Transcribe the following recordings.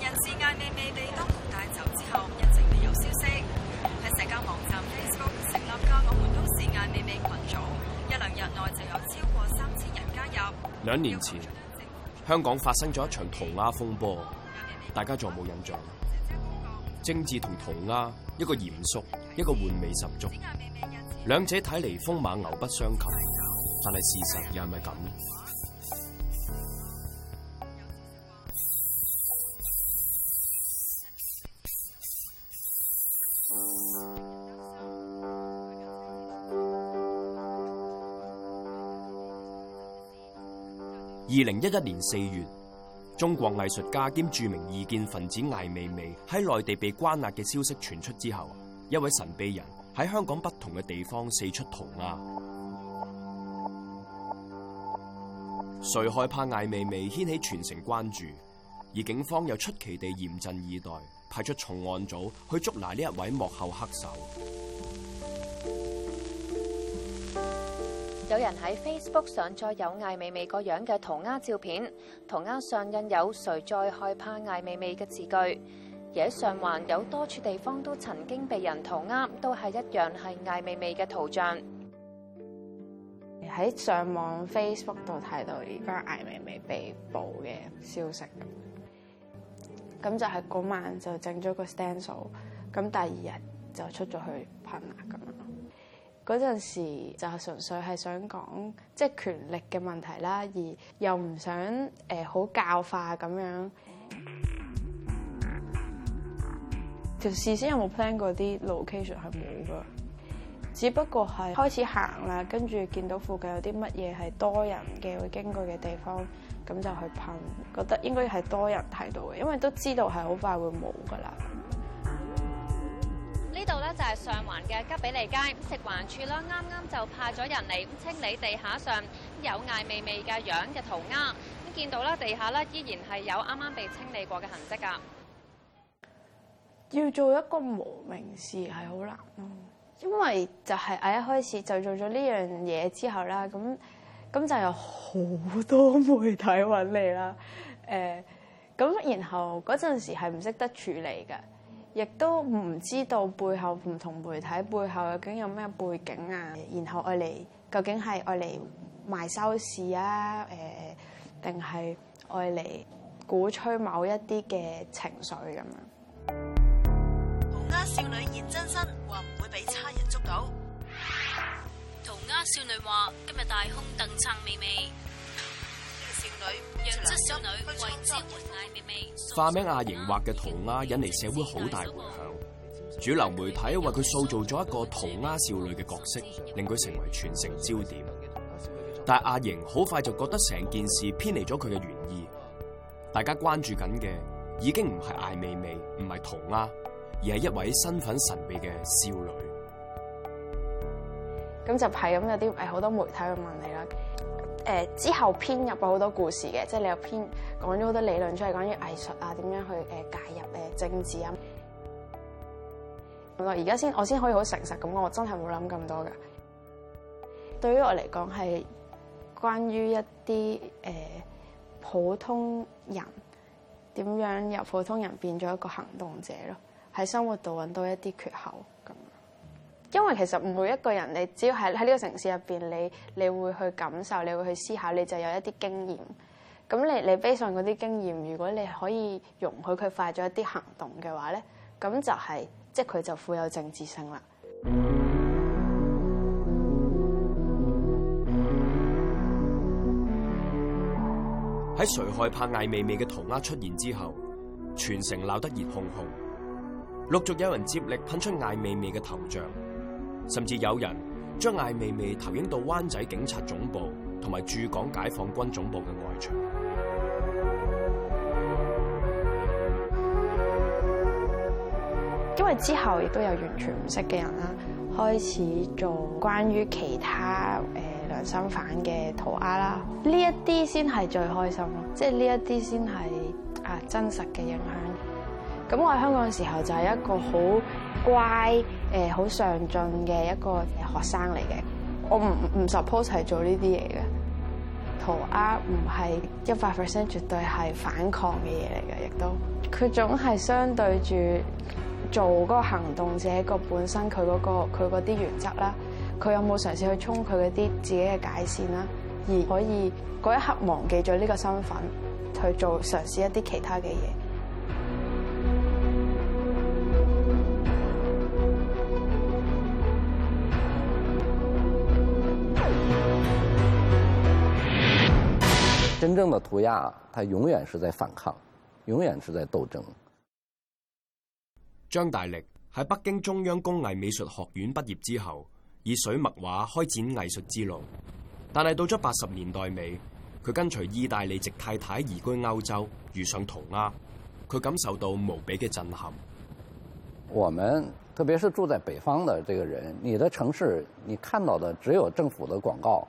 人是艾未未被當紅帶走之後，一直未有消息。喺社交網站 Facebook 成立個我們都是艾未未群組，一兩日內就有超過三千人加入。兩年前，香港發生咗一場塗鴉風波，大家仲有冇印象？政治同塗鴉，一個嚴肅，一個玩味十足，兩者睇嚟風馬牛不相及，但係事實又係咪咁二零一一年四月，中國藝術家兼著名異見分子艾未未喺內地被關押嘅消息傳出之後，一位神秘人喺香港不同嘅地方四出塗鴉，誰害怕艾未未掀起全城關注，而警方又出奇地嚴陣以待，派出重案組去捉拿呢一位幕後黑手。有人喺 Facebook 上載有艾未未個樣嘅塗鴉照片，塗鴉上印有誰在害怕艾未未嘅字句，而喺上環有多處地方都曾經被人塗鴉，都係一樣係艾未未嘅圖像。喺上網 Facebook 度睇到而家艾未未被捕嘅消息，咁就係嗰晚就整咗個 Stencil，咁第二日就出咗去噴啦咁。嗰陣時就係純粹係想講即係權力嘅問題啦，而又唔想誒好、呃、教化咁樣。條事先有冇 plan 過啲 location 係冇㗎，只不過係開始行啦，跟住見到附近有啲乜嘢係多人嘅會經過嘅地方，咁就去噴，覺得應該係多人睇到嘅，因為都知道係好快會冇㗎啦。呢度咧就係上環嘅吉比利街食環處啦，啱啱就派咗人嚟清理地下上有艾未未嘅樣嘅塗鴉，咁見到啦，地下咧依然係有啱啱被清理過嘅痕跡噶。要做一個無名氏係好難咯，因為就係我一開始就做咗呢樣嘢之後啦，咁咁就有好多媒體揾你啦，誒、呃，咁然後嗰陣時係唔識得處理嘅。亦都唔知道背後唔同媒體背後究竟有咩背景啊。然後愛嚟究竟係愛嚟賣收視啊？誒、呃，定係愛嚟鼓吹某一啲嘅情緒咁、啊、樣。塗鴉少女現真身話唔會畀差人捉到。塗鴉少女話：今日大胸鄧撐咪咪。化名阿瑩畫嘅塗鴉引嚟社會好大回響，主流媒體為佢塑造咗一個塗鴉少女嘅角色，令佢成為全城焦點。但阿瑩好快就覺得成件事偏離咗佢嘅原意，大家關注緊嘅已經唔係艾未未，唔係塗鴉，而係一位身份神秘嘅少女。咁就係咁有啲誒，好多媒體去問你啦。誒、呃、之後編入咗好多故事嘅，即係你又編講咗好多理論出嚟，關於藝術啊，點樣去誒介、呃、入誒、呃、政治啊。咁我而家先我先可以好誠實咁，我真係冇諗咁多嘅。對於我嚟講係關於一啲誒、呃、普通人點樣由普通人變咗一個行動者咯，喺生活度揾到一啲缺口。因為其實每一個人，你只要喺喺呢個城市入邊，你你會去感受，你會去思考，你就有一啲經驗。咁你你 base 上嗰啲經驗，如果你可以容許佢快咗一啲行動嘅話咧，咁就係、是、即係佢就富有政治性啦。喺誰害怕艾未未嘅塗鴉出現之後，全城鬧得熱烘烘，陸續有人接力噴出艾未未嘅頭像。甚至有人將艾未未投影到灣仔警察總部同埋駐港解放軍總部嘅外牆，因為之後亦都有完全唔識嘅人啦，開始做關於其他誒良心犯嘅塗鴉啦，呢一啲先係最開心咯，即係呢一啲先係啊真實嘅影響。咁我喺香港嘅時候就係一個好乖。誒好上進嘅一個學生嚟嘅，我唔唔 support 係做呢啲嘢嘅，塗鴉唔係一百 percent 絕對係反抗嘅嘢嚟嘅，亦都佢總係相對住做嗰個行動者個本身佢嗰個，佢嗰啲原則啦，佢有冇嘗試去衝佢嗰啲自己嘅界線啦，而可以嗰一刻忘記咗呢個身份去做嘗試一啲其他嘅嘢。真正的塗鴉，它永遠是在反抗，永遠是在鬥爭。張大力喺北京中央工藝美術學院畢業之後，以水墨畫開展藝術之路。但係到咗八十年代尾，佢跟隨意大利籍太太移居歐洲，遇上塗鴉，佢感受到無比嘅震撼。我們特別是住在北方的這個人，你的城市你看到的只有政府的廣告。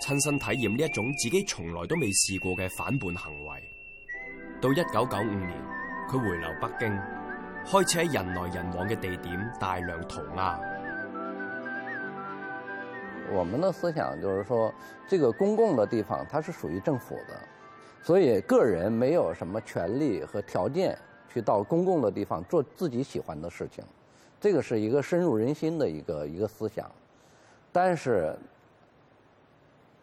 親身體驗呢一種自己從來都未試過嘅反叛行為。到一九九五年，佢回流北京，開始喺人來人往嘅地點大量塗鴉。我們的思想就是說，這個公共的地方它是屬於政府的，所以個人沒有什麼權利和條件去到公共的地方做自己喜歡的事情。這個是一個深入人心的一個一個思想，但是，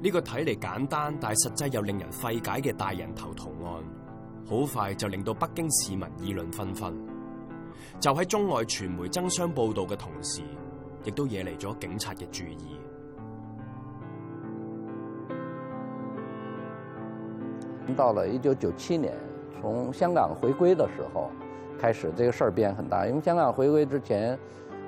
呢個睇嚟簡單，但係實際又令人費解嘅大人頭圖案，好快就令到北京市民議論紛紛。就喺中外傳媒爭相報道嘅同時，亦都惹嚟咗警察嘅注意。到了一九九七年，從香港回歸嘅時候，開始呢個事變很大，因為香港回歸之前。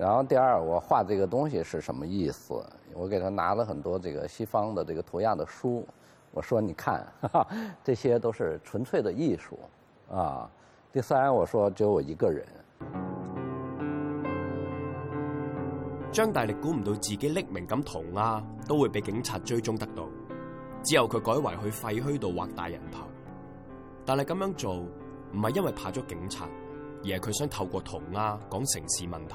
然後第二，我畫這個東西是什麼意思？我給他拿了很多這個西方的這個塗鴉的書，我說你看，哈哈，這些都是純粹的藝術啊。第三，我說只有我一個人。張大力估唔到自己匿名咁塗鴉都會被警察追蹤得到，之後佢改為去廢墟度畫大人頭，但係咁樣做唔係因為怕咗警察，而係佢想透過塗鴉講城市問題。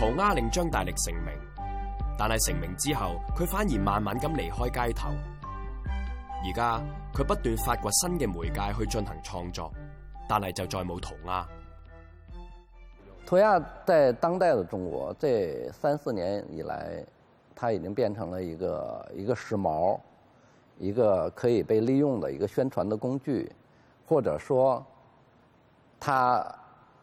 塗鴉令張大力成名，但係成名之後，佢反而慢慢咁離開街頭。而家佢不斷發掘新嘅媒介去進行創作，但係就再冇塗鴉。塗鴉在當代嘅中國，這三四年以來，它已經變成了一個一個時髦、一個可以被利用的一個宣傳的工具，或者說，它。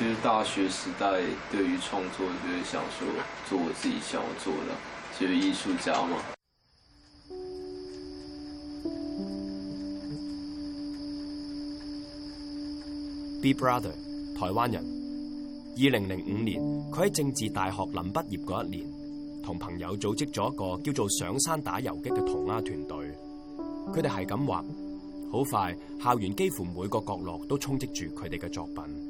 其實大學時代對於創作，就想說做我自己想要做的，就係藝術家嘛。Bbrother，台灣人，二零零五年佢喺政治大學臨畢業嗰一年，同朋友組織咗一個叫做上山打游擊嘅塗鴉團隊。佢哋係咁畫，好快校園幾乎每個角落都充斥住佢哋嘅作品。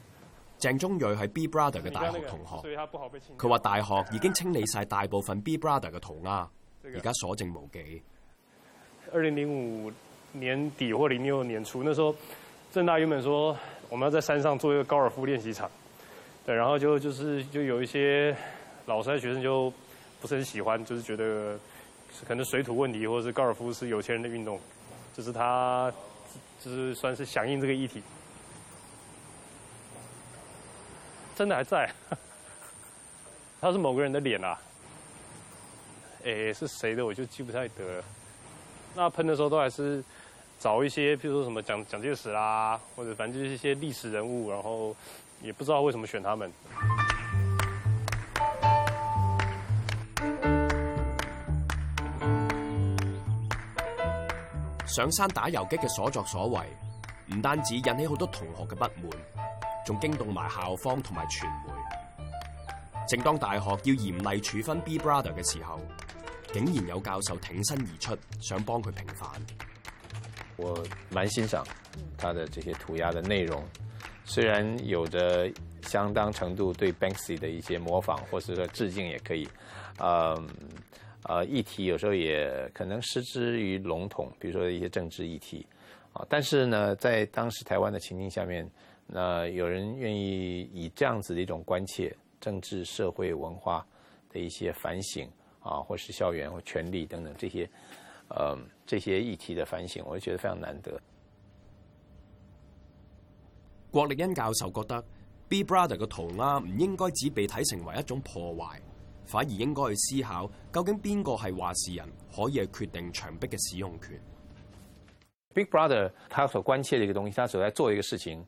鄭中瑞係 B brother 嘅大學同學，佢話大學已經清理晒大部分 B brother 嘅塗鴉，而家所剩無幾。二零零五年底或零六年初，那時候政大原本說我們要在山上做一個高爾夫練習場，對，然後就就是就有一些老師的學生就不是很喜歡，就是覺得可能水土問題，或者是高爾夫是有錢人的運動，就是他就是算是響應這個議題。真的還在，他是某個人的臉啊。誒、欸、是誰的我就記不太得了。那噴的時候都還是找一些，譬如說什麼蔣蔣介石啊，或者反正就是一些歷史人物，然後也不知道為什麼選他們。上山打游擊嘅所作所為，唔單止引起好多同學嘅不滿。仲驚動埋校方同埋傳媒。正當大學要嚴厲處分 Bbrother 嘅時候，竟然有教授挺身而出，想幫佢平反。我蠻欣賞他的這些塗鴉的內容，雖然有着相當程度對 Banksy 的一些模仿，或者說致敬也可以。嗯，呃，議題有時候也可能失之於籠統，比如說一些政治議題。啊，但是呢，在當時台灣的情境下面。那有人願意以這樣子的一種關切，政治、社會、文化的一些反省啊，或是校園或權力等等這些，呃，這些議題的反省，我就覺得非常難得。郭力恩教授覺得 Bbrother 嘅塗鴉唔應該只被睇成為一種破壞，反而應該去思考究竟邊個係話事人，可以係決定牆壁嘅使用權。Bbrother 他所關切嘅一個東西，他所在做一個事情。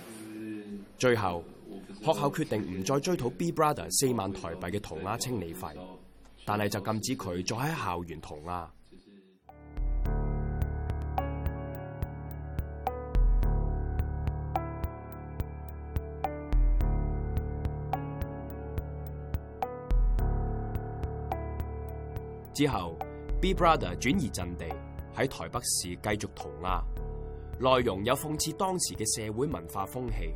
最後，學校決定唔再追討 Bbrother 四萬台幣嘅塗鴉清理費，但係就禁止佢再喺校園塗鴉。之後，Bbrother 轉移陣地喺台北市繼續塗鴉，內容有諷刺當時嘅社會文化風氣。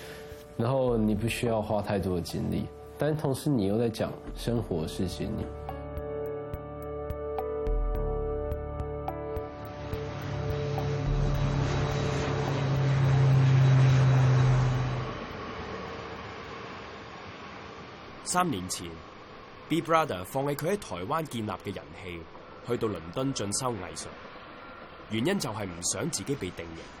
然後你不需要花太多的精力，但同時你又在講生活事情，你三年前，Bbrother 放棄佢喺台灣建立嘅人氣，去到倫敦進修藝術，原因就係唔想自己被定型。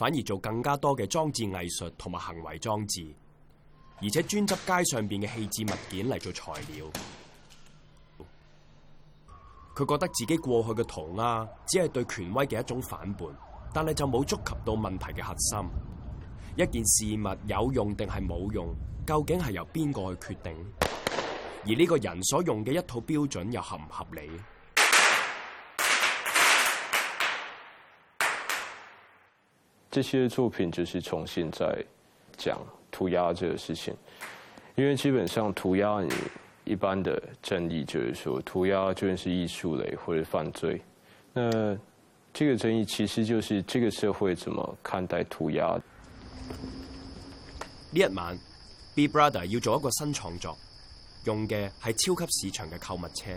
反而做更加多嘅裝置藝術同埋行為裝置，而且專執街上邊嘅棄置物件嚟做材料。佢覺得自己過去嘅塗鴉只係對權威嘅一種反叛，但係就冇觸及到問題嘅核心。一件事物有用定係冇用，究竟係由邊個去決定？而呢個人所用嘅一套標準又合唔合理？這些作品就是重新再講塗鴉這個事情，因為基本上塗鴉，一般的爭議就是說塗鴉究竟是藝術類或者犯罪。那這個爭議其實就是這個社會怎麼看待塗鴉。呢一晚，Bbrother 要做一個新創作，用嘅係超級市場嘅購物車。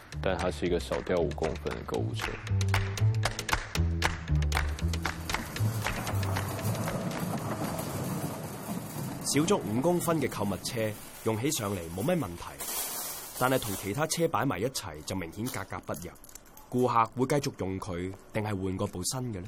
但它係一個少掉五公分嘅購物車，少咗五公分嘅購物車用起上嚟冇咩問題，但係同其他車擺埋一齊就明顯格格不入。顧客會繼續用佢，定係換個部新嘅呢？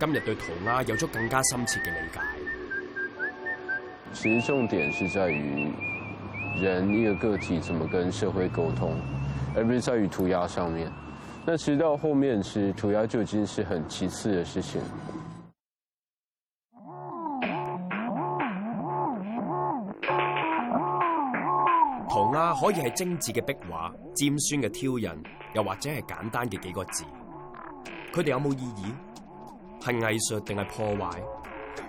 今日對塗鴉有咗更加深切嘅理解。其實重點是在於人一個個體怎麼跟社會溝通，而不是在於塗鴉上面。但其實到後面，其實塗鴉就已經是很其次嘅事情。塗鴉可以係精緻嘅壁畫、尖酸嘅挑釁，又或者係簡單嘅幾個字，佢哋有冇意義？係藝術定係破壞？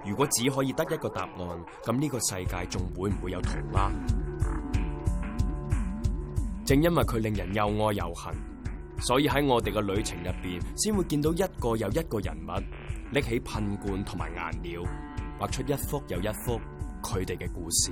如果只可以得一個答案，咁呢個世界仲會唔會有塗鴉？正因為佢令人又愛又恨，所以喺我哋嘅旅程入邊，先會見到一個又一個人物，拎起噴罐同埋顏料，畫出一幅又一幅佢哋嘅故事。